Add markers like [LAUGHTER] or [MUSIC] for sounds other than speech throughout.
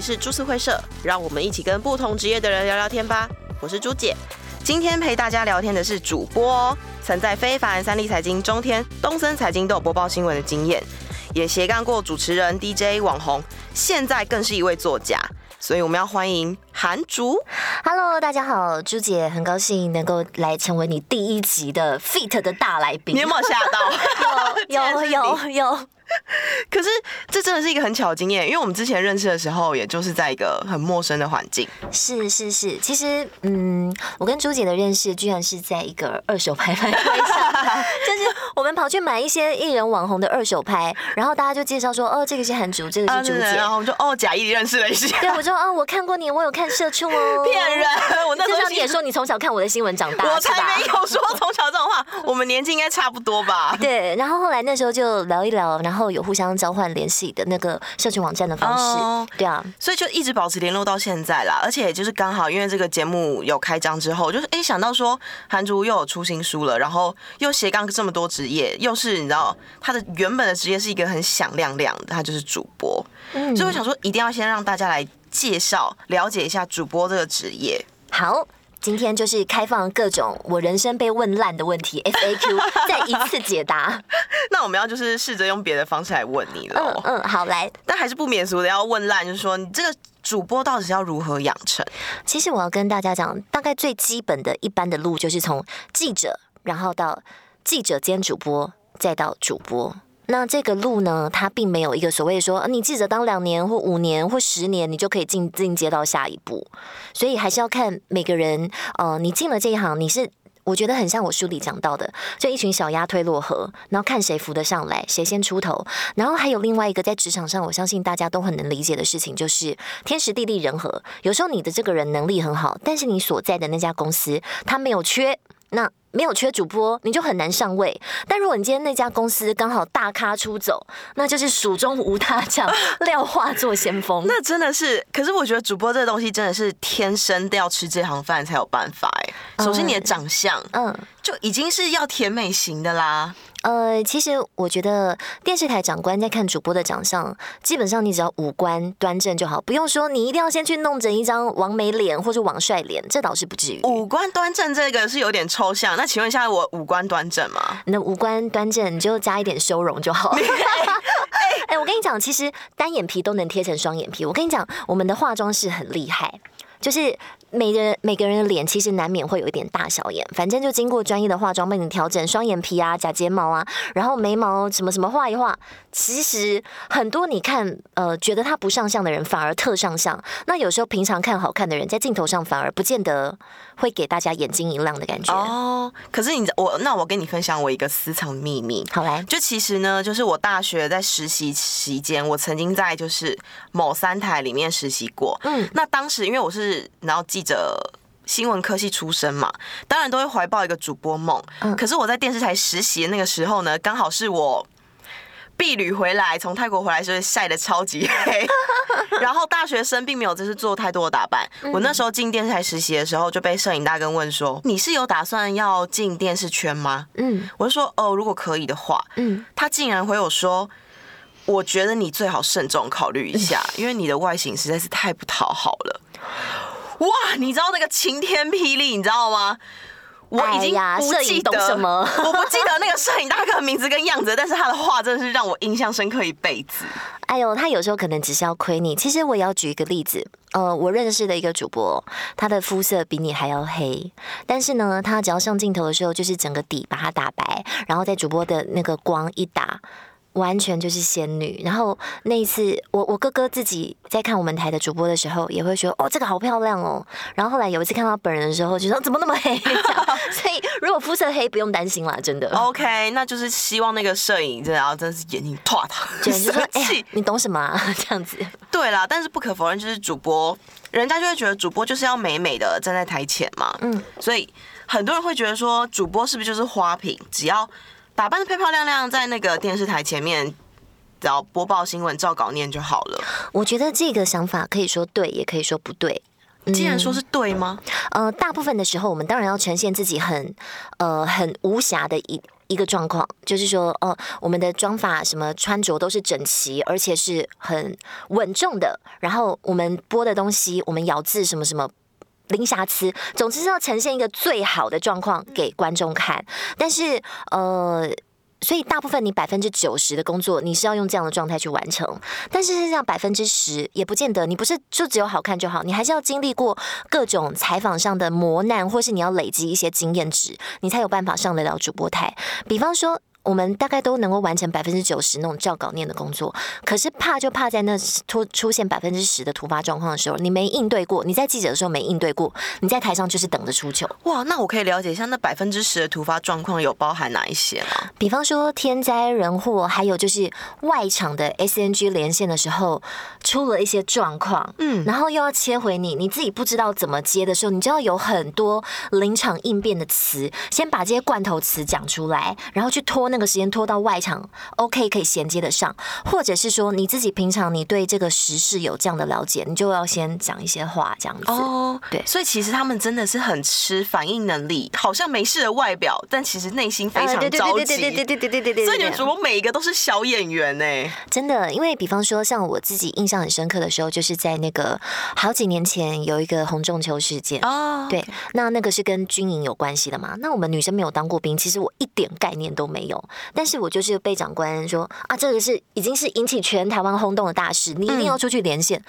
是朱氏會社，讓我們一起跟不同職業的人聊聊天吧。我是朱姐，今天陪大家聊天的是主播哦，曾在非凡、三立財經、中天、東森財經都有播報新聞的經驗，也斜槓過主持人、DJ、網紅，現在更是一位作家。所以我們要歡迎韓竹。Hello，大家好，朱姐很高興能夠來成為你第一集的 feat 的大來賓。你有沒有嚇到？有有有有。有有有有可是，這真的是一個很巧的經驗，因為我們之前認識的時候，也就是在一個很陌生的環境。是是是，其實，嗯，我跟朱姐的認識，居然是在一個二手拍賣會上， [LAUGHS] 就是我們跑去買一些藝人網紅的二手拍，然後大家就介紹說，哦，這個是韓竹，這個是朱姐，啊、然後我們就哦，假意認識了一下。對，我說，哦，我看過你，我有看社畜哦。騙人，我那時候也說你從小看我的新聞長大，我才沒有說 [LAUGHS] 從小這種話。我們年紀應該差不多吧？對，然後後來那時候就聊一聊，然後，後有互相交換聯繫的那個社群網站的方式，uh, 對啊，所以就一直保持聯絡到現在啦。而且就是剛好因為這個節目有開張之後，就是哎、欸、想到說韓竹又有出新書了，然後又斜槓這麼多職業，又是你知道他的原本的職業是一個很響亮亮的，他就是主播，嗯，所以我想說一定要先讓大家來介紹了解一下主播這個職業。好。今天就是開放各種我人生被問爛的問題 FAQ，再一次解答。 [LAUGHS] 那我們要就是試着用別的方式來問你了。嗯嗯，好來，但還是不免俗的要問爛，就是說你這個主播到底是要如何養成？其實我要跟大家講，大概最基本的一般的路就是從記者，然後到記者兼主播，再到主播。那這個路呢，它並沒有一個所謂說，你記者當兩年或五年或十年，你就可以進進階到下一步，所以還是要看每個人。呃，你進了這一行，你是我覺得很像我書裡講到的，就一群小鴨推落河，然後看誰浮得上來，誰先出頭。然後還有另外一個在職場上，我相信大家都很能理解的事情，就是天時地利人和。有時候你的這個人能力很好，但是你所在的那家公司他沒有缺那，沒有缺主播，你就很難上位。但如果你今天那家公司剛好大咖出走，那就是蜀中無大將，廖 [LAUGHS] 化作先鋒。 [LAUGHS] 那真的是，可是我覺得主播這個東西真的是天生都要吃這行飯才有辦法哎。首先你的長相，嗯、呃，就已經是要甜美型的啦。呃，其實我覺得電視台長官在看主播的長相，基本上你只要五官端正就好，不用說你一定要先去弄整一張網美臉或者網帥臉，這倒是不至於。五官端正這個是有點抽象。那請問一下，我五官端正嗎？那五官端正，你就加一點修容就好了。哎、欸欸 [LAUGHS] 欸，我跟你講，其實單眼皮都能貼成雙眼皮。我跟你講，我們的化妝師很厲害，就是。每個人每個人的臉其實難免會有一點大小眼，反正就經過專業的化妝幫你調整雙眼皮啊、假睫毛啊，然後眉毛什麼什麼畫一畫。其實很多你看呃覺得他不上相的人反而特上相，那有時候平常看好看的人在鏡頭上反而不見得會給大家眼睛一亮的感覺哦。可是你我，那我跟你分享我一個私藏秘密，好來嘞，就其實呢，就是我大學在實習期間，我曾經在就是某三台裡面實習過。嗯，那當時因為我是，然後進記者，新聞科系出身嘛，當然都會懷抱一個主播夢。嗯、可是我在電視台實習的那個時候呢，剛好是我畢旅回來，從泰國回來，所以曬得超級黑。 [LAUGHS] 然後大學生並沒有真是做太多的打扮。嗯嗯我那時候進電視台實習的時候，就被攝影大哥問說：“你是有打算要進電視圈嗎？”嗯，我就說：“哦、呃，如果可以的話。”嗯，他竟然回我說：“我覺得你最好慎重考慮一下，嗯、因為你的外形實在是太不討好了。”哇，你知道那個晴天霹靂，你知道嗎？我已經不記得、哎，攝影懂什麼， [LAUGHS] 我不記得那個攝影大哥的名字跟樣子，但是他的話真的是讓我印象深刻一輩子。哎呦，他有時候可能只是要虧你。其實我也要舉一個例子，呃，我認識的一個主播，他的膚色比你還要黑，但是呢，他只要上鏡頭的時候，就是整個底把他打白，然後在主播的那個光一打。完全就是仙女，然後那一次我我哥哥自己在看我們台的主播的時候，也會說哦，這個好漂亮哦，然後後來有一次看到他本人的時候，就說怎麼那麼黑？ [LAUGHS] 所以如果膚色黑不用擔心啦，真的。OK，那就是希望那個攝影、啊、真的，然後真的是眼睛，垮就生氣哎，你懂什麼、啊？這樣子。對啦，但是不可否認，就是主播，人家就會覺得主播就是要美美的站在台前嘛，嗯，所以很多人會覺得說主播是不是就是花瓶？只要。打扮的漂漂亮亮，在那個電視台前面，只要播報新聞照稿念就好了。我覺得這個想法可以說對，也可以說不對。既然說是對嗎、嗯？呃，大部分的時候，我們當然要呈現自己很呃很無瑕的一一個狀況，就是說，哦、呃，我們的妝髮什麼穿着都是整齊，而且是很穩重的。然後我們播的東西，我們咬字什麼什麼。零瑕疵，總之是要呈現一個最好的狀況給觀眾看。但是，呃，所以大部分你百分之九十的工作，你是要用這樣的狀態去完成。但是像，實際上百分之十也不見得，你不是就只有好看就好，你還是要經歷過各種採訪上的磨難，或是你要累積一些經驗值，你才有辦法上得了主播台。比方說。我們大概都能夠完成百分之九十那種照稿念的工作，可是怕就怕在那突出現百分之十的突發狀況的時候，你沒應對過，你在記者的時候沒應對過，你在台上就是等着出糗。哇，那我可以了解一下，那百分之十的突發狀況有包含哪一些嗎？比方說天災人禍，還有就是外場的 SNG 連線的時候出了一些狀況，嗯，然後又要切回你，你自己不知道怎麼接的時候，你就要有很多臨場應變的詞，先把這些罐頭詞講出來，然後去拖。那個時間拖到外場，OK 可以銜接得上，或者是說你自己平常你對這個時事有這樣的了解，你就要先講一些話這樣子哦。對，所以其實他們真的是很吃反應能力，好像沒事的外表，但其實內心非常着急。對對對對對對對對。所以你們主播每一個都是小演員呢？真的，因為比方說像我自己印象很深刻的時候，就是在那個好幾年前有一個洪仲丘事件哦。對，那那個是跟軍營有關係的嘛？那我們女生沒有當過兵，其實我一點概念都沒有。但是我就是被長官說啊，這個是已經是引起全台灣轟動的大事，你一定要出去連線。嗯。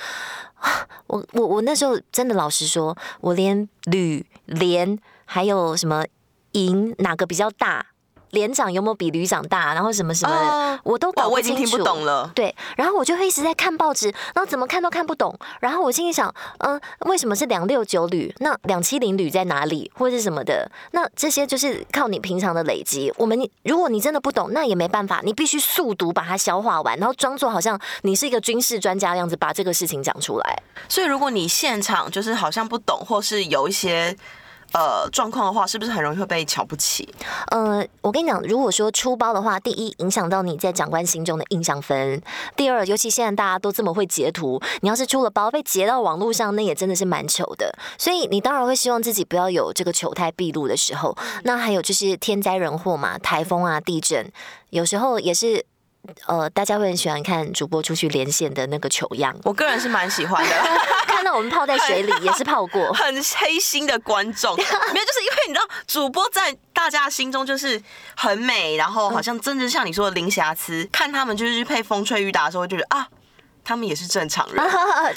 啊，我我我那時候真的老實說，我連旅、連還有什麼營哪個比較大？連長有沒有比旅長大？然後什麼什麼、啊，我，我都已經聽不懂了，對，然後我就會一直在看報紙，然後怎麼看都看不懂。然後我心裡想，嗯，為什麼是兩六九旅？那兩七零旅在哪裡，或者是什麼的？那這些就是靠你平常的累積。我們如果你真的不懂，那也沒辦法，你必須速讀把它消化完，然後裝作好像你是一個軍事專家的樣子，把這個事情講出來。所以，如果你現場就是好像不懂，或是有一些。呃，狀況的話，是不是很容易會被瞧不起？呃，我跟你講，如果說出包的話，第一，影響到你在長官心中的印象分，第二，尤其現在大家都這麼會截圖，你要是出了包被截到網絡上，那也真的是蠻糗的。所以你當然會希望自己不要有這個糗態畢露的時候。那還有就是天災人禍嘛，颱風啊、地震，有時候也是。呃，大家會很喜歡看主播出去連線的那個糗樣，我個人是蠻喜歡的。 [LAUGHS] 看到我們泡在水裡也是泡過，很，很黑心的觀眾， [LAUGHS] 沒有就是因為你知道，主播在大家心中就是很美，然後好像真的像你說的零瑕疵，嗯、看他們就是去配風吹雨打的時候，就覺得啊。他們也是正常人，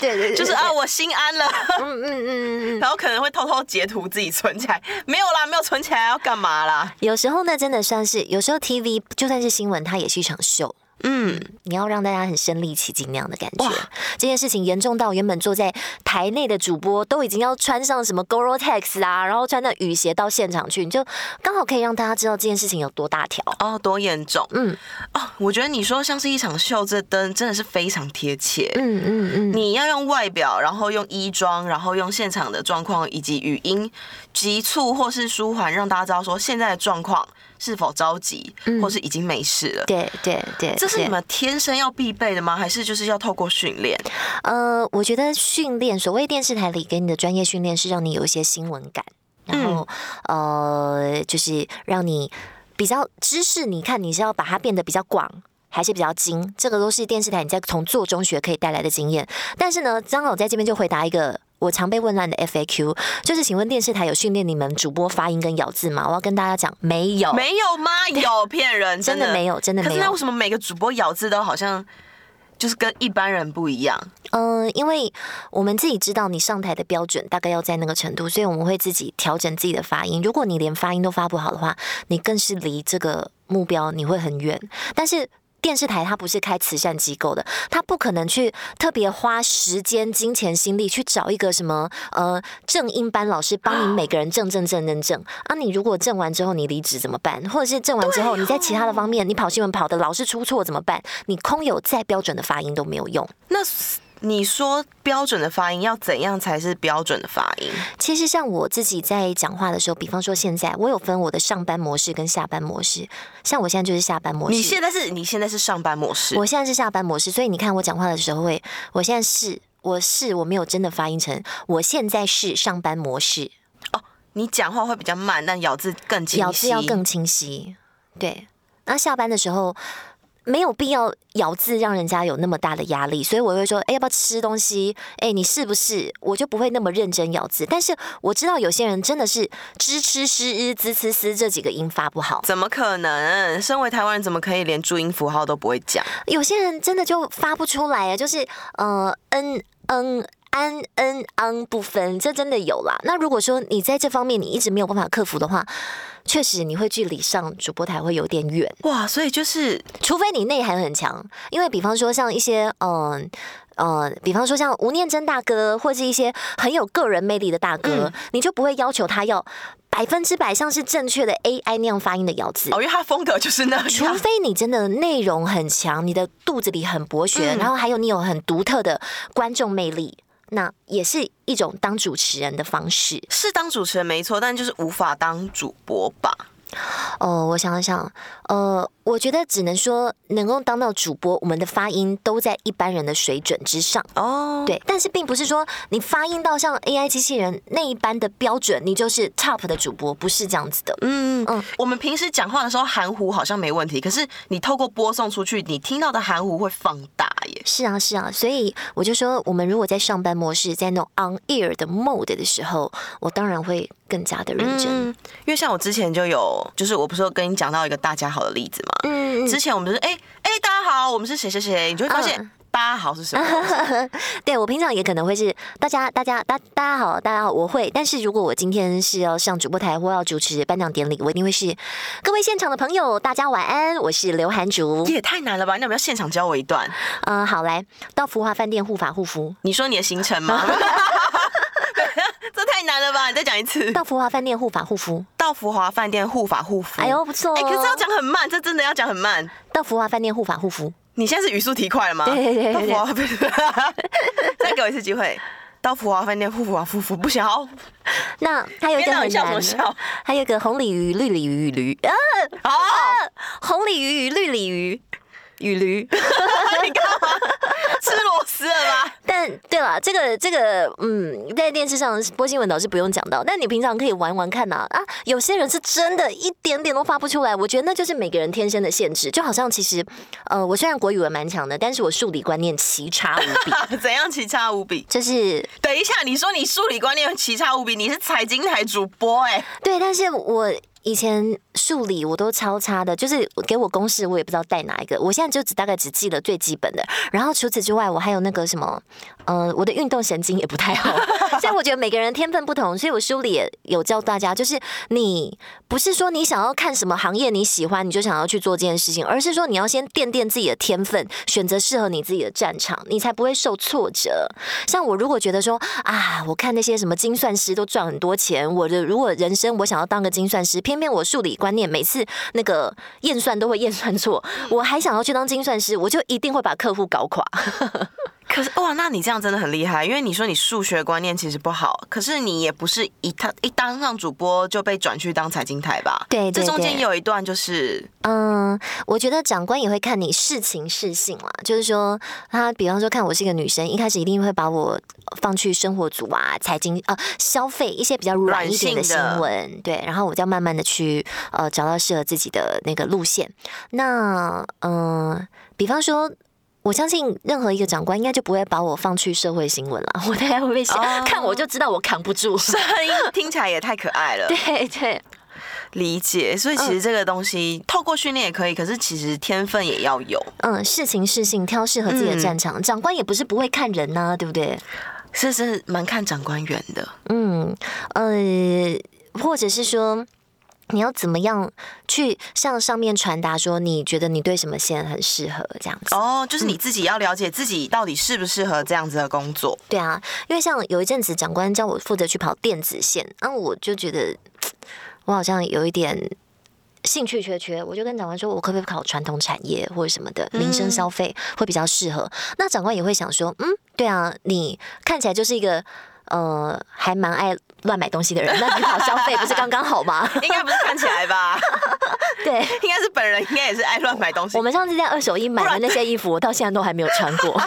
對對對，就是啊，我心安了，嗯嗯嗯嗯，然後可能會偷偷截圖自己存起來，沒有啦，沒有存起來要幹嘛啦？有時候呢，真的算是，有時候 TV 就算是新聞，它也是一場秀。嗯，你要讓大家很身臨其境那樣的感覺。哇這件事情嚴重到原本坐在台內的主播都已經要穿上什麼 Gore-Tex 啊，然後穿著雨鞋到現場去，你就剛好可以讓大家知道這件事情有多大條，哦，多嚴重。嗯，哦，我覺得你說像是一場秀這燈真的是非常貼切。嗯嗯嗯，嗯嗯，你要用外表，然後用衣裝，然後用現場的狀況以及語音急促或是舒緩，讓大家知道說現在的狀況。是否着急，或是已經沒事了？對對、嗯、對，對對對，這是你們天生要必備的嗎？還是就是要透過訓練？呃，我覺得訓練，所謂電視台裡給你的專業訓練，是讓你有一些新聞感，然後、嗯、呃，就是讓你比較知識，你看你是要把它變得比較廣，還是比較精？這個都是電視台你在從做中學可以帶來的經驗。但是呢，張老在這邊就回答一個。我常被問爛的 FAQ 就是，請問電視台有訓練你們主播發音跟咬字嗎？我要跟大家講，沒有。沒有嗎？有騙人，對，真的，真的沒有，真的沒有。可是那為什麼每個主播咬字都好像就是跟一般人不一樣？嗯，因為我們自己知道你上台的標準大概要在那個程度，所以我們會自己調整自己的發音。如果你連發音都發不好的話，你更是離這個目標你會很遠。但是。電視台它不是開慈善機構的，它不可能去特別花時間、金錢、心力去找一個什麼呃正音班老師幫你每個人正正正正正。啊，你如果正完之後你離職怎麼辦？或者是正完之後你在其他的方面你跑新聞跑的老是出錯怎麼辦？你空有再標準的發音都沒有用。那。你說標準的發音要怎樣才是標準的發音？其實像我自己在講話的時候，比方說現在我有分我的上班模式跟下班模式。像我現在就是下班模式。你現在是，你現在是上班模式，我現在是下班模式。所以你看我講話的時候會，我現在是，我是，我沒有真的發音成，我現在是上班模式。哦，你講話會比較慢，但咬字更清晰，咬字要更清晰。對，那下班的時候。沒有必要咬字讓人家有那麼大的壓力，所以我會說，哎，要不要吃東西？哎，你是不是？我就不會那麼認真咬字，但是我知道有些人真的是 ㄓ ㄔ ㄕ ㄓ ㄔ ㄕ 這幾個音發不好，怎麼可能？身為台灣人怎麼可以連注音符號都不會講？有些人真的就發不出來呀，就是呃，嗯嗯。安恩昂不分，這真的有啦。那如果說你在這方面你一直沒有辦法克服的話，確實你會距離上主播台會有點遠哇。所以就是，除非你內涵很強，因為比方說像一些嗯呃，比方說像吳念真大哥，或是一些很有個人魅力的大哥，嗯、你就不會要求他要百分之百像是正確的 AI 那樣發音的咬字。哦，因為他風格就是那樣。除非你真的內容很強，你的肚子裡很博學，嗯、然後還有你有很獨特的觀眾魅力。那也是一種當主持人的方式，是當主持人沒錯，但就是無法當主播吧。哦，我想想，呃，我覺得只能說，能夠當到主播，我們的發音都在一般人的水準之上哦。對，但是並不是說你發音到像 AI 機器人那一般的標準，你就是 top 的主播，不是這樣子的。嗯嗯，我們平時講話的時候含糊好像沒問題，可是你透過播送出去，你聽到的含糊會放大耶。是啊，是啊，所以我就說，我們如果在上班模式，在那種 on air 的 mode 的時候，我當然會。更加的認真、嗯，因為像我之前就有，就是我不是跟你講到一個大家好的例子嘛。嗯，嗯之前我們就說，哎、欸、哎、欸，大家好，我們是誰誰誰？你就會發現大家好是什麼？嗯、對我平常也可能會是大家大家大大家好，大家好，我會。但是如果我今天是要上主播台，或要主持頒獎典禮，我一定會是各位現場的朋友，大家晚安，我是劉涵竹。也太難了吧？那我們要現場教我一段？嗯，好來，到福華飯店護法護膚。你說你的行程嗎？ [LAUGHS] 你再講一次。到福華飯店護髮護膚。到福華飯店護髮護膚。哎呦，不錯、哦。哎、欸，可是要講很慢，這真的要講很慢。到福華飯店護髮護膚。你現在是語速提快了嗎？對對對對。福華， [LAUGHS] 再給我一次機會。到 [LAUGHS] 福華飯店護髮護膚，不行。那還有一個，笑什麼笑？還有一個紅鯉魚、綠鯉魚與驢。啊，哦、啊紅鯉魚與綠鯉魚與驢。 [LAUGHS] 你幹嘛 [LAUGHS] 是吃螺絲了嗎？ [LAUGHS] 但對了，這個這個，嗯，在電視上播新聞倒是不用講到，但你平常可以玩玩看吶啊，啊！有些人是真的一點點都發不出來，我覺得那就是每個人天生的限制。就好像其實，呃，我雖然國語文蠻強的，但是我數理觀念奇差無比。 [LAUGHS] 怎樣奇差無比？就是等一下，你說你數理觀念奇差無比，你是財經台主播哎、欸？對，但是我。以前數理我都超差的，就是給我公式我也不知道帶哪一個。我現在就只大概只記得最基本的，然後除此之外，我還有那個什麼，呃，我的運動神經也不太好。所以 [LAUGHS] 我覺得每個人天分不同，所以我書裡也有教大家，就是你不是說你想要看什麼行業你喜歡你就想要去做這件事情，而是說你要先墊墊自己的天分，選擇適合你自己的戰場，你才不會受挫折。像我如果覺得說啊，我看那些什麼精算師都賺很多錢，我的如果人生我想要當個精算師，因為我數理觀念每次那個驗算都會驗算錯，我還想要去當精算師，我就一定會把客戶搞垮。 [LAUGHS] 可是哇，那你這樣真的很厲害，因為你說你數學觀念其實不好，可是你也不是一當一當上主播就被轉去當財經台吧？對，對，對，這中間有一段就是，嗯，我覺得長官也會看你適情適性嘛，啊，就是說他，比方說看我是一個女生，一開始一定會把我放去生活組啊、財經啊、消費一些比較軟性的新聞，對，然後我就要慢慢的去呃找到適合自己的那個路線。那嗯，比方說。我相信任何一個長官應該就不會把我放去社會新聞了。我大家會不會想看？我就知道我扛不住。聲音聽起來也太可愛了。 [LAUGHS] 對對，理解。所以其實這個東西、嗯、透過訓練也可以，可是其實天分也要有。嗯，適情適性，挑適合自己的戰場。嗯、長官也不是不會看人吶、啊，對不對？是是，蠻看長官緣的。嗯呃，或者是說。你要怎麼樣去向上面傳達說你覺得你對什麼線很適合這樣子？哦，oh, 就是你自己要了解自己到底適不適合這樣子的工作、嗯。對啊，因為像有一陣子長官叫我負責去跑電子線，那我就覺得我好像有一點興趣缺缺，我就跟長官說，我可不可以考傳統產業或者什麼的民生、嗯、消費會比較適合？那長官也會想說，嗯，對啊，你看起來就是一個呃，還蠻愛。亂買東西的人，那你跑消費不是剛剛好嗎？ [LAUGHS] 應該不是看起來吧？ [LAUGHS] 對， [LAUGHS] 應該是本人，應該也是愛亂買東西。我們上次在二手衣買的那些衣服，我到現在都還沒有穿過。 [LAUGHS]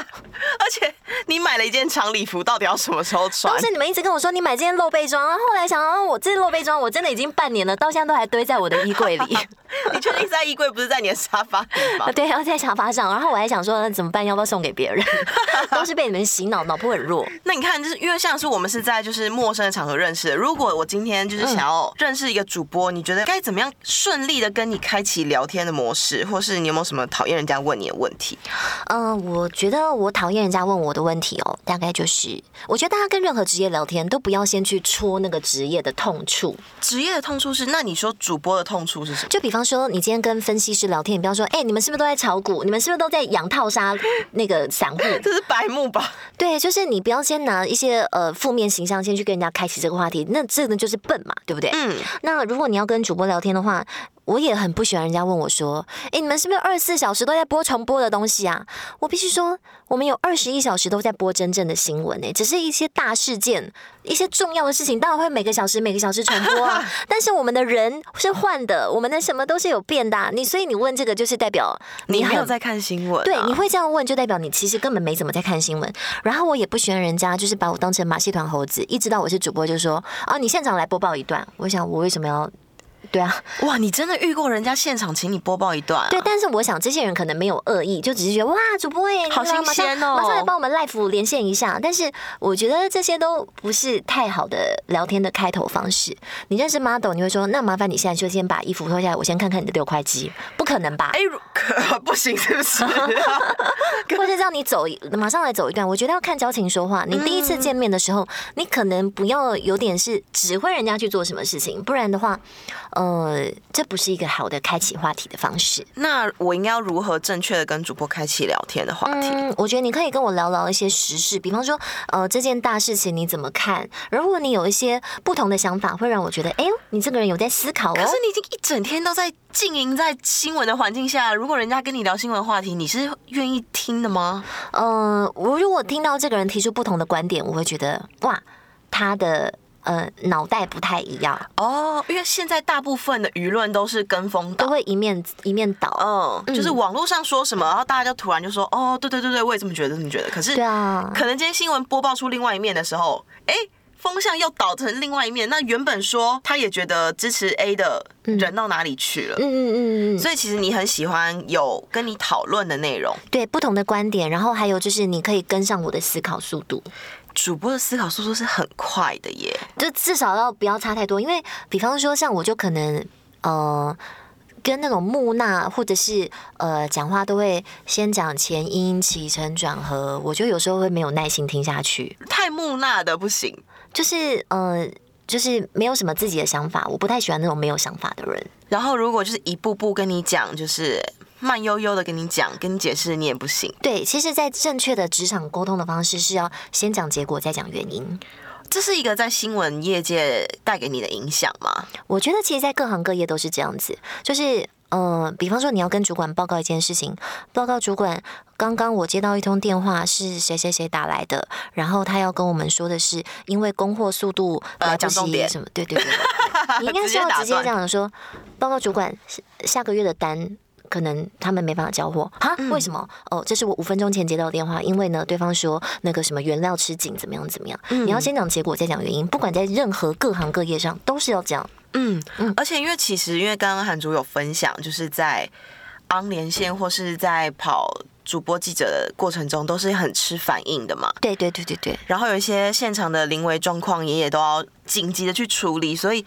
而且你買了一件長禮服，到底要什麼時候穿？當時你們一直跟我說你買這件露背裝，後來想啊，我這露背裝我真的已經半年了，到現在都還堆在我的衣櫃裡。 [LAUGHS] [LAUGHS] 你確定在衣櫃，不是在你的沙發嗎？對，要在沙發上。然後我還想說，那怎麼辦？要不要送給別人？都是被你們洗腦，腦波很弱。 [LAUGHS] 那你看，就是因為像是我們是在就是陌生的場合認識的。如果我今天就是想要認識一個主播，嗯、你覺得該怎麼樣順利的跟你開啟聊天的模式？或是你有沒有什麼討厭人家問你的問題？嗯、呃，我覺得我討厭人家問我的問題哦。大概就是，我覺得大家跟任何職業聊天都不要先去戳那個職業的痛處。職業的痛處是？那你說主播的痛處是什麼？就比方。比方說，你今天跟分析師聊天，你不要說，哎，你們是不是都在炒股？你們是不是都在養套殺那個散戶？這是白目吧？對，就是你不要先拿一些呃負面形象先去跟人家開啟這個話題，那這個就是笨嘛，對不對？嗯。那如果你要跟主播聊天的話，我也很不喜歡人家問我說，哎，你們是不是二十四小時都在播重播的東西啊？我必須說。我們有二十一小時都在播真正的新聞呢、欸，只是一些大事件、一些重要的事情，當然會每個小時每個小時傳播、啊。 [LAUGHS] 但是我們的人是換的，我們的什麼都是有變的、啊。你所以你問這個，就是代表你沒，你沒有在看新聞、啊。對，你會這樣問，就代表你其實根本沒怎麼在看新聞。然後我也不喜歡人家就是把我當成馬戲團猴子，一直到我是主播就說啊，你現場來播報一段。我想我為什麼要？對啊，哇！你真的遇過人家現場請你播報一段、啊？對，但是我想這些人可能沒有惡意，就只是覺得哇，主播誒、欸，好新鮮哦，馬，馬上來幫我們 live 連線一下。但是我覺得這些都不是太好的聊天的開頭方式。你認識 model，你會說那麻煩你現在就先把衣服脫下來，我先看看你的六塊肌？不可能吧？哎、欸，可不行是不是？ [LAUGHS] [LAUGHS] 或者讓你走，馬上來走一段。我覺得要看交情說話。你第一次見面的時候，嗯、你可能不要有點是指揮人家去做什麼事情，不然的話。呃，這不是一個好的開啟話題的方式。那我應該要如何正確的跟主播開啟聊天的話題，嗯？我覺得你可以跟我聊聊一些時事，比方說，呃，這件大事情你怎麼看？如果你有一些不同的想法，會讓我覺得，哎，呦，你這個人有在思考哦。可是你已經一整天都在浸淫在新聞的環境下，如果人家跟你聊新聞話題，你是願意聽的嗎？嗯、呃，我如果聽到這個人提出不同的觀點，我會覺得哇，他的。呃，腦、嗯、袋不太一樣哦，因為現在大部分的輿論都是跟風倒，都會一面一面倒。嗯，就是網絡上說什麼，嗯、然後大家就突然就說，哦，對對對對，我也這麼覺得，這麼覺得。可是，對啊，可能今天新聞播報出另外一面的時候，哎，風向又倒成另外一面，那原本說他也覺得支持 A 的人到哪裡去了？嗯嗯嗯嗯。所以其實你很喜歡有跟你討論的內容，對不同的觀點，然後還有就是你可以跟上我的思考速度。主播的思考速度是很快的耶，就至少要不要差太多，因為比方說像我，就可能呃跟那種木訥或者是呃講話都會先講前因，起承轉合，我就有時候會沒有耐心聽下去，太木訥的不行，就是呃就是沒有什麼自己的想法，我不太喜歡那種沒有想法的人。然後如果就是一步步跟你講，就是。慢悠悠的跟你講，跟你解釋，你也不行。對，其實，在正確的職場溝通的方式是要先講結果，再講原因。這是一個在新聞業界帶給你的影響嗎？我覺得，其實，在各行各業都是這樣子。就是，嗯、呃，比方說，你要跟主管報告一件事情，報告主管，剛剛我接到一通電話，是誰誰誰打來的，然後他要跟我們說的是，因為供貨速度呃，來不及、呃、什麼，對對對，對，對，對， [LAUGHS] 你應該是要直接這樣說，報告主管下個月的單。可能他們沒辦法交貨哈？為什麼？嗯、哦，這是我五分鐘前接到的電話。因為呢，對方說那個什麼原料吃緊，怎麼樣怎麼樣？嗯、你要先講結果，再講原因。不管在任何各行各業上，都是要講、嗯。嗯嗯。而且，因為其實，因為剛剛韓主有分享，就是在安連線、嗯、或是在跑主播記者的過程中，都是很吃反應的嘛。對對對對對。然後有一些現場的臨危狀況，也也都要緊急的去處理，所以。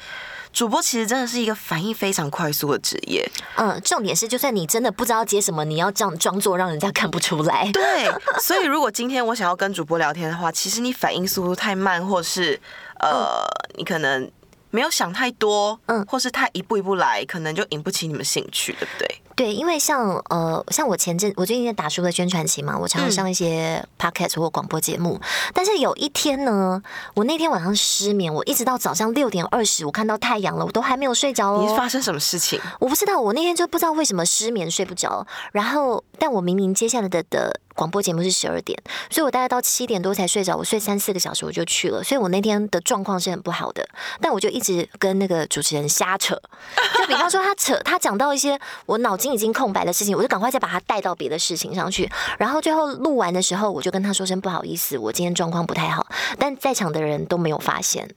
主播其實真的是一個反應非常快速的職業。嗯，重點是，就算你真的不知道接什麼，你要這樣裝作讓人家看不出來。對，所以如果今天我想要跟主播聊天的話， [LAUGHS] 其實你反應速度太慢，或是呃，你可能沒有想太多，嗯，或是太一步一步來，可能就引不起你們興趣，對不對？對，因為像呃，像我前陣我最近在打書的宣傳期嘛，我常常上一些 podcast 或廣播節目。嗯、但是有一天呢，我那天晚上失眠，我一直到早上六點二十，我看到太陽了，我都還沒有睡着。你發生什麼事情？我不知道，我那天就不知道為什麼失眠，睡不着。然後，但我明明接下來的的廣播節目是十二點，所以我大概到七點多才睡着，我睡三四個小時我就去了。所以我那天的狀況是很不好的，但我就一直跟那個主持人瞎扯，就比方說他扯，他講到一些我腦筋。已經空白的事情，我就趕快再把他帶到別的事情上去。然後最後錄完的時候，我就跟他說聲不好意思，我今天狀況不太好。但在場的人都沒有發現，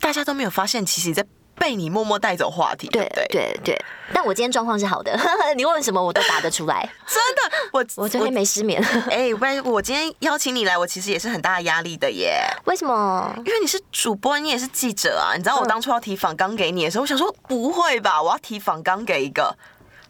大家都沒有發現，其實你在被你默默帶走話題，對對對，對對。但我今天狀況是好的， [LAUGHS] [LAUGHS] 你問什麼我都答得出來。真的，我我昨天沒失眠我。哎、 [LAUGHS] 欸，不然我今天邀請你來，我其實也是很大的壓力的耶。為什麼？因為你是主播，你也是記者啊。你知道我當初要提訪綱給你的時候，嗯、我想說不會吧，我要提訪綱給一個。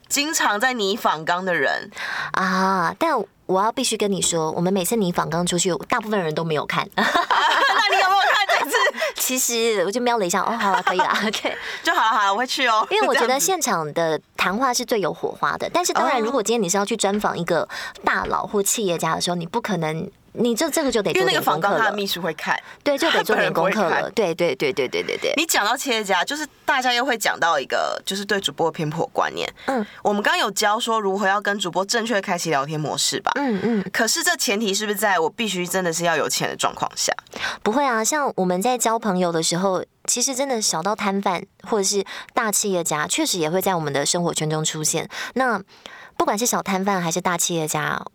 經常在擬訪綱的人啊，但我要必須跟你說，我們每次擬訪綱出去，大部分人都沒有看。那你有沒有看這次？其實我就瞄了一下，哦，好了，可以了，OK，就好了，好了，我會去哦。因為我覺得現場的談話是最有火花的。但是，當然，如果今天你是要去專訪一個大佬或企業家的時候，你不可能。你這這個就得做點功課了，因為那個訪客，他的秘書會看，對，就得做點功課了。對對對對對對對，對。你講到企業家，就是大家又會講到一個，就是對主播的偏頗觀念。嗯，我們剛剛有教說如何要跟主播正確開啟聊天模式吧？嗯嗯。可是這前提是不是在我必須真的是要有錢的狀況下？不會啊，像我們在交朋友的時候，其實真的小到攤販，或者是大企業家，確實也會在我們的生活圈中出現。那不管是小攤販還是大企業家，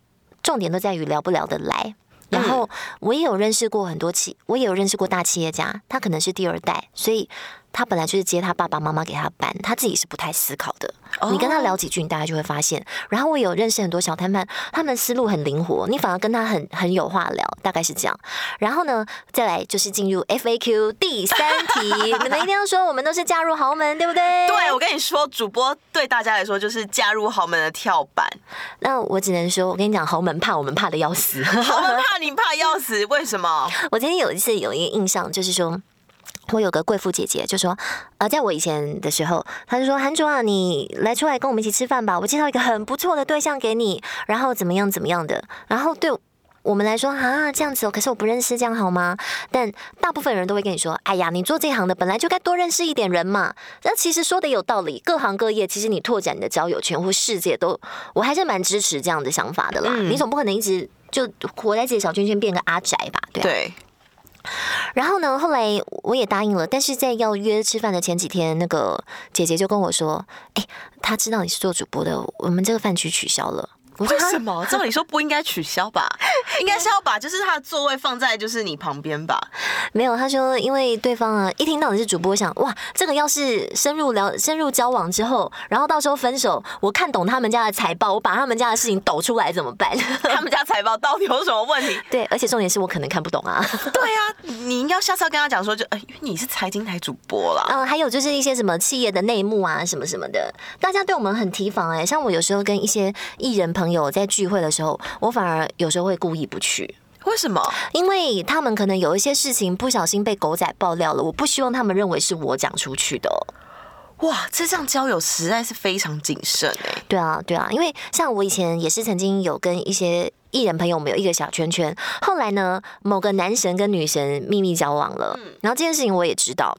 重點都在於聊不聊得來。然後我也有認識過很多企，我也有認識過大企業家，他可能是第二代，所以。他本來就是接他爸爸媽媽給他班，他自己是不太思考的。你跟他聊幾句，你大家就會發現。Oh. 然後我有認識很多小攤販，他們思路很靈活，你反而跟他很很有話聊，大概是這樣。然後呢，再來就是進入 FAQ 第三題， [LAUGHS] 你們一定要說我們都是嫁入豪門，對不對？對，我跟你說，主播對大家來說就是嫁入豪門的跳板。那我只能說，我跟你講，豪門怕我們怕得要死， [LAUGHS] 豪門怕你怕要死，為什麼？ [LAUGHS] 我今天有一次有一個印象，就是說。我有個貴婦姐姐就說，呃，在我以前的時候，她就說，韓卓啊，你來出來跟我們一起吃飯吧，我介紹一個很不錯的對象給你，然後怎麼樣怎麼樣的，然後對我們來說哈、啊，這樣子、哦，可是我不認識，這樣好嗎？但大部分人都會跟你說，哎呀，你做這行的本來就該多認識一點人嘛，那其實說的有道理，各行各業其實你拓展你的交友圈或世界都，我還是蠻支持這樣的想法的啦。嗯、你總不可能一直就活在自己小圈圈，變個阿宅吧？對、啊。對然後呢，後來我也答應了，但是在要約吃飯的前幾天，那個姐姐就跟我說：“哎、欸，她知道你是做主播的，我們這個飯局取消了。我”我說：“為什麼？照理說不應該取消吧？ [LAUGHS] 應該是要把就是她的座位放在就是你旁邊吧？”沒有，他說，因為對方啊，一聽到你是主播想，想哇，這個要是深入聊、深入交往之後，然後到時候分手，我看懂他們家的財報，我把他們家的事情抖出來怎麼辦？ [LAUGHS] 他們家財報到底有什麼問題？對，而且重點是我可能看不懂啊。 [LAUGHS] 對啊，你應該下次要跟他講說，就哎，因為你是財經台主播啦。嗯，還有就是一些什麼企業的內幕啊，什麼什麼的，大家對我們很提防哎、欸。像我有時候跟一些藝人朋友在聚會的時候，我反而有時候會故意不去。為什麼？因為他們可能有一些事情不小心被狗仔爆料了，我不希望他們認為是我講出去的喔。哇，這這樣交友實在是非常謹慎哎。對啊，對啊，因為像我以前也是曾經有跟一些藝人朋友們有一個小圈圈，後來呢，某個男神跟女神秘密交往了，嗯。然後這件事情我也知道，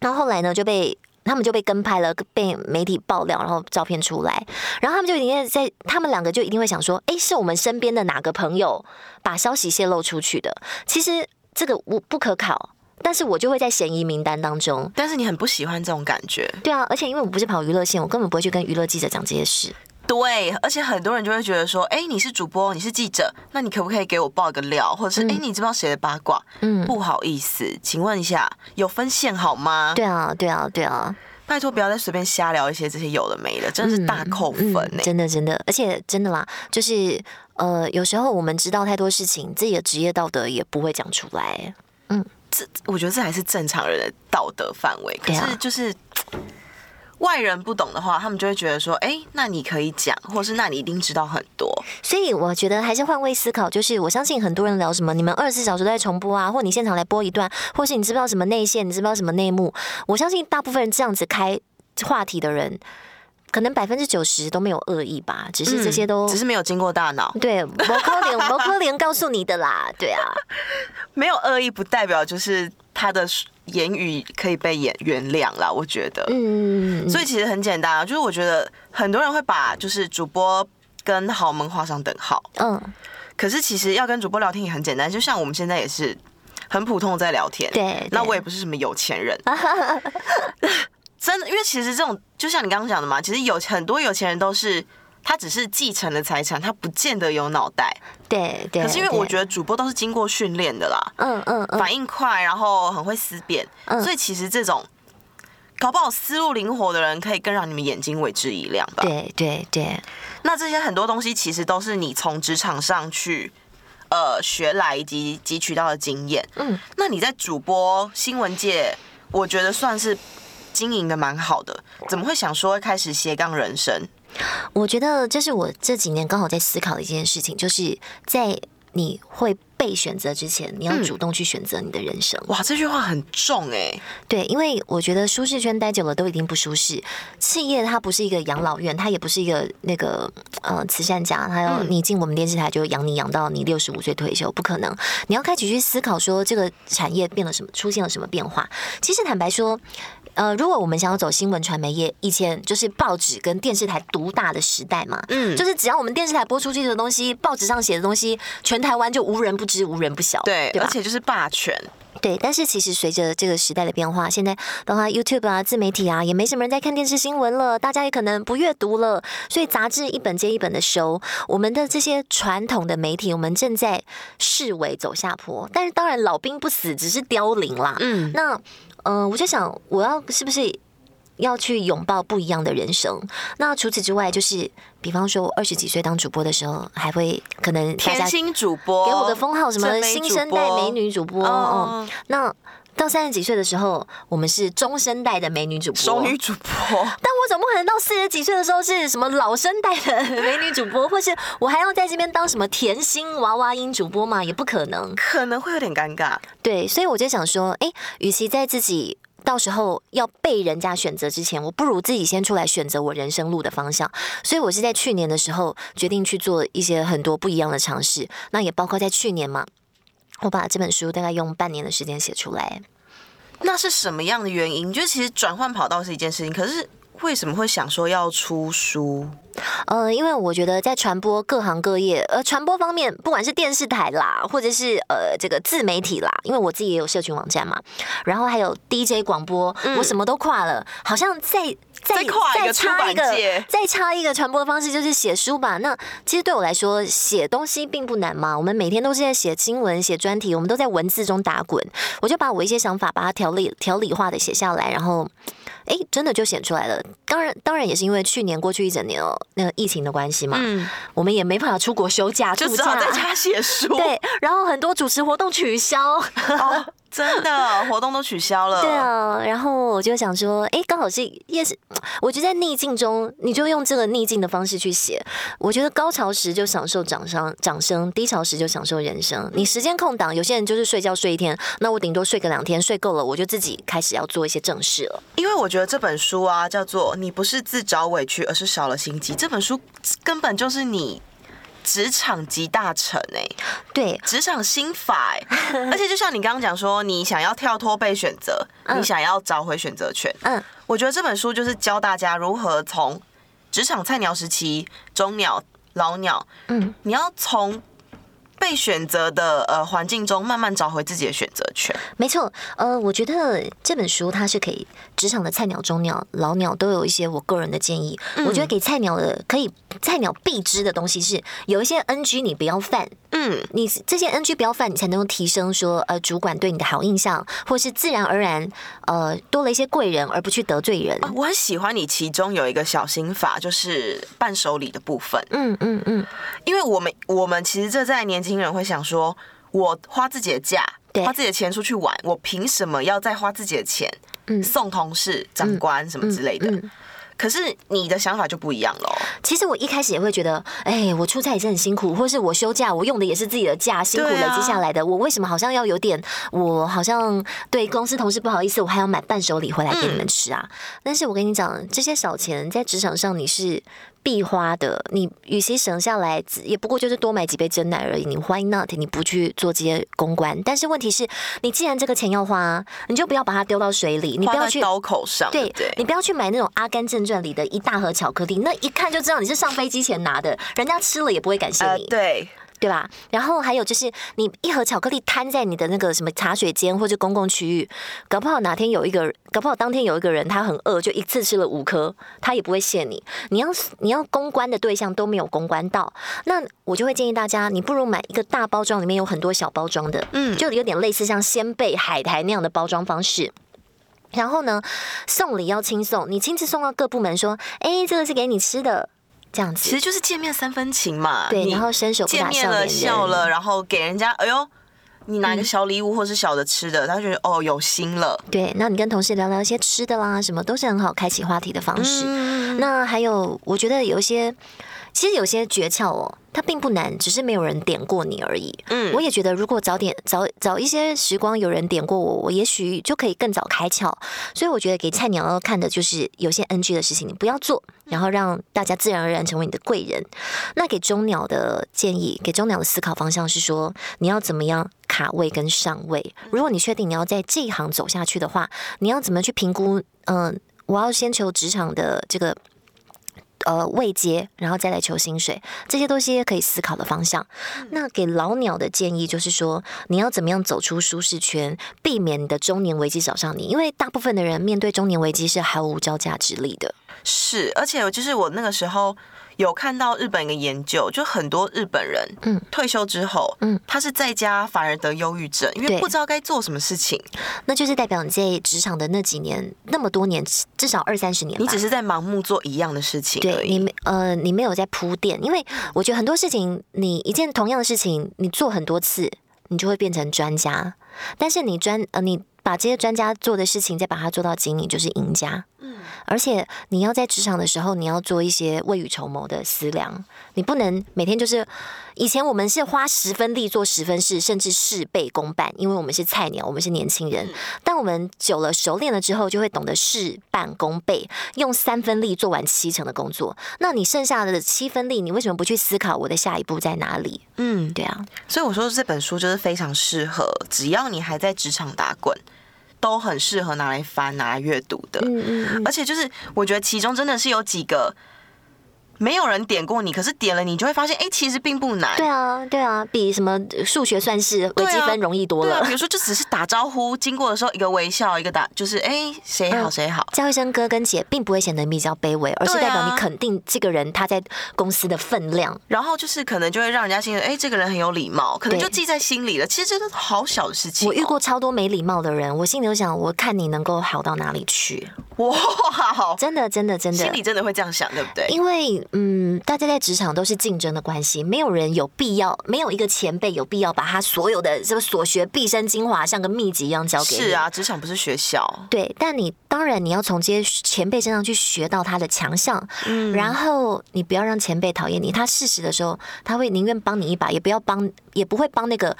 然後後來呢就被。他們就被跟拍了，被媒體爆料，然後照片出來，然後他們就一定在，他們兩個就一定會想說，誒，是我們身邊的哪個朋友把消息泄露出去的？其實這個我不可考，但是我就會在嫌疑名單當中。但是你很不喜歡這種感覺。對啊，而且因為我不是跑娛樂線，我根本不會去跟娛樂記者講這些事。對，而且很多人就會覺得說，哎、欸，你是主播，你是記者，那你可不可以給我爆個料，或者是，哎、嗯欸，你知道誰的八卦？嗯，不好意思，請問一下，有分線好嗎？對啊，對啊，對啊！拜託，不要再隨便瞎聊一些這些有的沒的，嗯、真的是大扣分、欸、真的，真的，而且真的啦，就是，呃，有時候我們知道太多事情，自己的職業道德也不會講出來。嗯，這我覺得這還是正常人的道德範圍，可是就是。外人不懂的話，他們就會覺得說：“哎、欸，那你可以講，或是那你一定知道很多。”所以我覺得還是換位思考，就是我相信很多人聊什麼，你們二十四小時都在重播啊，或你現場來播一段，或是你知不知道什麼內線，你知不知道什麼內幕？我相信大部分人這樣子開話題的人，可能百分之九十都沒有惡意吧，只是這些都、嗯、只是沒有經過大腦。對，無可能，無可能 [LAUGHS] 告訴你的啦，對啊， [LAUGHS] 沒有惡意不代表就是。他的言語可以被原諒了，我覺得。嗯，所以其實很簡單，就是我覺得很多人會把就是主播跟豪門畫上等號。嗯，可是其實要跟主播聊天也很簡單，就像我們現在也是很普通的在聊天。對，那我也不是什麼有錢人。真的，因為其實這種就像你剛剛講的嘛，其實有很多有錢人都是。他只是繼承了財產，他不見得有腦袋。對對，對可是因為我覺得主播都是經過訓練的啦，嗯嗯，嗯嗯，反應快，然後很會思辨，嗯、所以其實這種搞不好思路靈活的人，可以更讓你們眼睛為之一亮吧。對對對，對對，那這些很多東西其實都是你從職場上去呃學來以及汲取到的經驗。嗯，那你在主播新聞界，我覺得算是經營的蠻好的，怎麼會想說開始斜槓人生？我覺得這是我這幾年剛好在思考的一件事情，就是在你會被選擇之前，你要主動去選擇你的人生，嗯。哇，這句話很重哎，欸。對，因為我覺得舒適圈待久了都已經不舒適。企業它不是一個養老院，它也不是一個那個呃慈善家，它要你進我們電視台就養你養到你六十五歲退休，不可能。你要開始去思考說這個產業變了什麼，出現了什麼變化。其實坦白說。呃，如果我們想要走新聞傳媒業，以前就是報紙跟電視台獨大的時代嘛，嗯，就是只要我們電視台播出去的東西，報紙上寫的東西，全台灣就無人不知，無人不曉，對，對吧？而且就是霸權，對。但是其實隨着這個時代的變化，現在包括 YouTube 啊、自媒體啊，也沒什麼人在看電視新聞了，大家也可能不閱讀了，所以雜誌一本接一本的收，我們的這些傳統的媒體，我們正在式微走下坡。但是當然，老兵不死，只是凋零啦，嗯，那。嗯，我就想，我要是不是要去擁抱不一樣的人生？那除此之外，就是比方說，我二十幾歲當主播的時候，還會可能大家新主播給我的封號什麼新生代美女主播啊、哦哦哦嗯，那。到三十幾歲的時候，我們是中生代的美女主播，熟女主播。但我總不可能到四十幾歲的時候是什麼老生代的美女主播， [LAUGHS] 或是我還要在這邊當什麼甜心娃娃音主播嘛？也不可能，可能會有點尷尬。對，所以我就想說，誒、欸，與其在自己到時候要被人家選擇之前，我不如自己先出來選擇我人生路的方向。所以我是在去年的時候決定去做一些很多不一樣的嘗試，那也包括在去年嘛。我把這本書大概用半年的時間寫出來，那是什麼樣的原因？你覺得其實轉換跑道是一件事情，可是。為什麼會想說要出書？呃，因為我覺得在傳播各行各業，呃，傳播方面，不管是電視台啦，或者是呃這個自媒體啦，因為我自己也有社群網站嘛，然後還有 DJ 廣播，嗯、我什麼都跨了，好像再再再插一，一個，再插一個傳播的方式就是寫書吧。那其實對我來說，寫東西並不難嘛，我們每天都是在寫新聞、寫專題，我們都在文字中打滾，我就把我一些想法，把它條理條理化的寫下來，然後。哎，真的就顯出來了。當然，當然也是因為去年過去一整年哦，那個疫情的關係嘛，嗯，我們也沒辦法出國休假，假就只好在家寫書。對，然後很多主持活動取消。 [LAUGHS] [LAUGHS] 真的，活動都取消了。 [LAUGHS] 對啊，然後我就想說，哎，剛好是夜、yes、我覺得在逆境中，你就用這個逆境的方式去寫。我覺得高潮時就享受掌聲，掌聲；低潮時就享受人生。你時間空檔，有些人就是睡覺睡一天，那我頂多睡個兩天，睡夠了我就自己開始要做一些正事了。因為我覺得這本書啊，叫做“你不是自找委屈，而是少了心機”。這本書根本就是你。職場集大成哎、欸，對，職場心法、欸， [LAUGHS] 而且就像你剛剛講說，你想要跳脫被選擇，嗯、你想要找回選擇權，嗯，我覺得這本書就是教大家如何從職場菜鳥時期、中鳥、老鳥，嗯，你要從被選擇的呃環境中慢慢找回自己的選擇權。沒錯，呃，我覺得這本書它是可以。職場的菜鳥、中鳥、老鳥都有一些我個人的建議。嗯，我覺得給菜鳥的可以，菜鳥必知的東西是有一些 NG 你不要犯。嗯，你這些 NG 不要犯，你才能夠提升說呃主管對你的好印象，或是自然而然呃多了一些貴人，而不去得罪人。啊，我很喜歡你其中有一個小心法，就是伴手禮的部分。嗯嗯嗯，嗯嗯因為我們我們其實這在年輕人會想說，我花自己的價。對花自己的錢出去玩，我憑什麼要再花自己的錢、嗯、送同事、長官、嗯、什麼之類的？嗯嗯嗯可是你的想法就不一樣了、哦。其實我一開始也會覺得，哎，我出差也是很辛苦，或者是我休假，我用的也是自己的假，辛苦累積下來的，啊，我為什麼好像要有點？我好像對公司同事不好意思，我還要買伴手禮回來給你們吃啊？嗯，但是我跟你講，這些小錢在職場上你是必花的。你與其省下來，也不過就是多買幾杯珍奶而已。你 Why not？你不去做這些公關？但是問題是，你既然這個錢要花，你就不要把它丟到水裡，你不要去刀口上對。對，你不要去買那種阿甘正轉裡的一大盒巧克力，那一看就知道你是上飛機前拿的，人家吃了也不會感謝你，uh, 對對吧？然後還有就是，你一盒巧克力攤在你的那個什麼茶水間或者公共區域，搞不好哪天有一個人，搞不好當天有一個人他很餓，就一次吃了五顆，他也不會謝你。你要是你要公關的對象都沒有公關到，那我就會建議大家，你不如買一個大包裝裡面有很多小包裝的，嗯，就有點類似像仙貝海苔那樣的包裝方式。然後呢，送禮要親送，你親自送到各部門說：“哎，這個是給你吃的，這樣子。”其實就是見面三分情嘛。對，然後伸手見面了笑了，然後給人家哎呦，你拿一個小禮物或是小的吃的，他覺得、嗯、哦有心了。對，那你跟同事聊聊一些吃的啦，什麼都是很好開啟話題的方式。嗯、那還有，我覺得有一些。其實有些訣竅哦，它並不難，只是沒有人點過你而已。嗯，我也覺得，如果早點、早早一些時光有人點過我，我也許就可以更早開竅。所以我覺得給菜鳥要看的就是有些 NG 的事情你不要做，然後讓大家自然而然成為你的貴人。那給中鳥的建議，給中鳥的思考方向是說，你要怎麼樣卡位跟上位？如果你確定你要在這一行走下去的話，你要怎麼去評估？嗯、呃，我要先求職場的這個。呃，未接，然後再來求薪水，這些都是可以思考的方向。那給老鳥的建議就是說，你要怎麼樣走出舒適圈，避免你的中年危機找上你？因為大部分的人面對中年危機是毫無招架之力的。是，而且就是我那個時候。有看到日本一個研究，就很多日本人，嗯，退休之後，嗯，嗯，他是在家反而得憂鬱症，因為不知道該做什麼事情，那就是代表你在職場的那幾年，那麼多年，至少二三十年，你只是在盲目做一樣的事情，對，你呃，你沒有在鋪墊，因為我覺得很多事情，你一件同樣的事情，你做很多次，你就會變成專家，但是你專呃，你把這些專家做的事情，再把它做到經理，就是贏家，嗯。而且你要在職場的時候，你要做一些未雨綢繆的思量，你不能每天就是，以前我們是花十分力做十分事，甚至事倍功半，因為我們是菜鳥，我們是年輕人。嗯，但我們久了熟練了之後，就會懂得事半功倍，用三分力做完七成的工作。那你剩下的七分力，你為什麼不去思考我的下一步在哪裡？嗯，對啊。所以我說這本書就是非常適合，只要你還在職場打滾。都很適合拿來翻、拿來閱讀的，嗯嗯嗯，而且就是我覺得其中真的是有幾個。沒有人點過你，可是點了你就會發現，哎，其實並不難。對啊，對啊，比什麼數學算式，啊、微積分容易多了。啊、比如說，就只是打招呼，經過的時候一個微笑，一個打，就是哎，誰好、嗯、誰好，叫一聲哥跟姐，並不會顯得比較卑微，而是代表你肯定這個人他在公司的分量。啊、然後就是可能就會讓人家心裡，哎，這個人很有禮貌，可能就記在心裡了。對其實真的好小的事情，哦。我遇過超多沒禮貌的人，我心裡就想，我看你能夠好到哪裡去哇，真的，真的，真的，心裡真的會這樣想，對不對？因為。嗯，大家在職場都是競爭的關係，沒有人有必要，沒有一個前輩有必要把他所有的什麼所學畢生精華像個秘籍一樣教給你。是啊，職場不是學校。對，但你當然你要從這些前輩身上去學到他的強項，嗯，然後你不要讓前輩討厭你。他適時的時候，他會寧願幫你一把，也不要幫，也不會幫那個。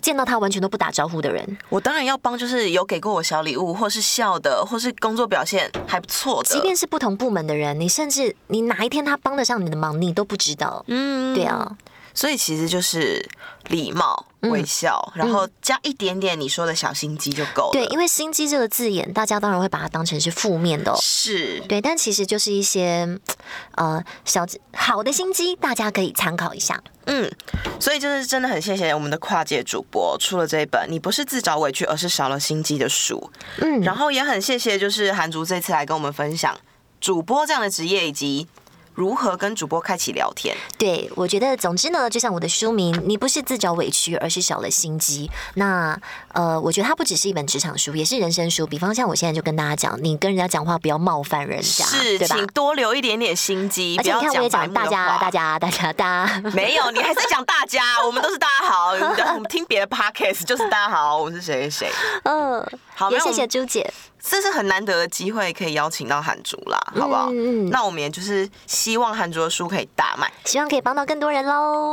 見到他完全都不打招呼的人，我當然要幫，就是有給過我小禮物，或是笑的，或是工作表現還不錯的。即便是不同部門的人，你甚至你哪一天他幫得上你的忙，你都不知道。嗯，對啊。所以其實就是禮貌，微笑，嗯，然後加一點點你說的小心機就夠了。對，因為“心機”這個字眼，大家當然會把它當成是負面的哦。是，對，但其實就是一些呃小好的心機，大家可以參考一下。嗯，所以就是真的很謝謝我們的跨界主播出了這一本《你不是自找委屈，而是少了心機》的書。嗯，然後也很謝謝就是韓竹這次來跟我們分享主播這樣的職業以及。如何跟主播開啟聊天？對，我覺得，總之呢，就像我的書名，你不是自找委屈，而是少了心機。那呃，我覺得它不只是一本職場書，也是人生書。比方像我現在就跟大家講，你跟人家講話不要冒犯人家，是，吧請多留一點點心機。而且你看講，我也講大家，大家，大家，大家，沒有，你還是講大家， [LAUGHS] 我們都是大家好。 [LAUGHS] 我們聽別的 Podcast 就是大家好，我是誰誰誰。嗯，好，也謝謝朱姐。這是很難得的機會，可以邀請到韓族啦，好不好？嗯，那我們也就是希望韓族的書可以大賣，希望可以幫到更多人嘍，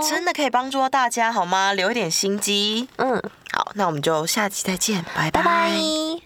真的可以幫助到大家，好嗎？留一點心機，嗯，好，那我們就下期再見，拜拜。拜拜。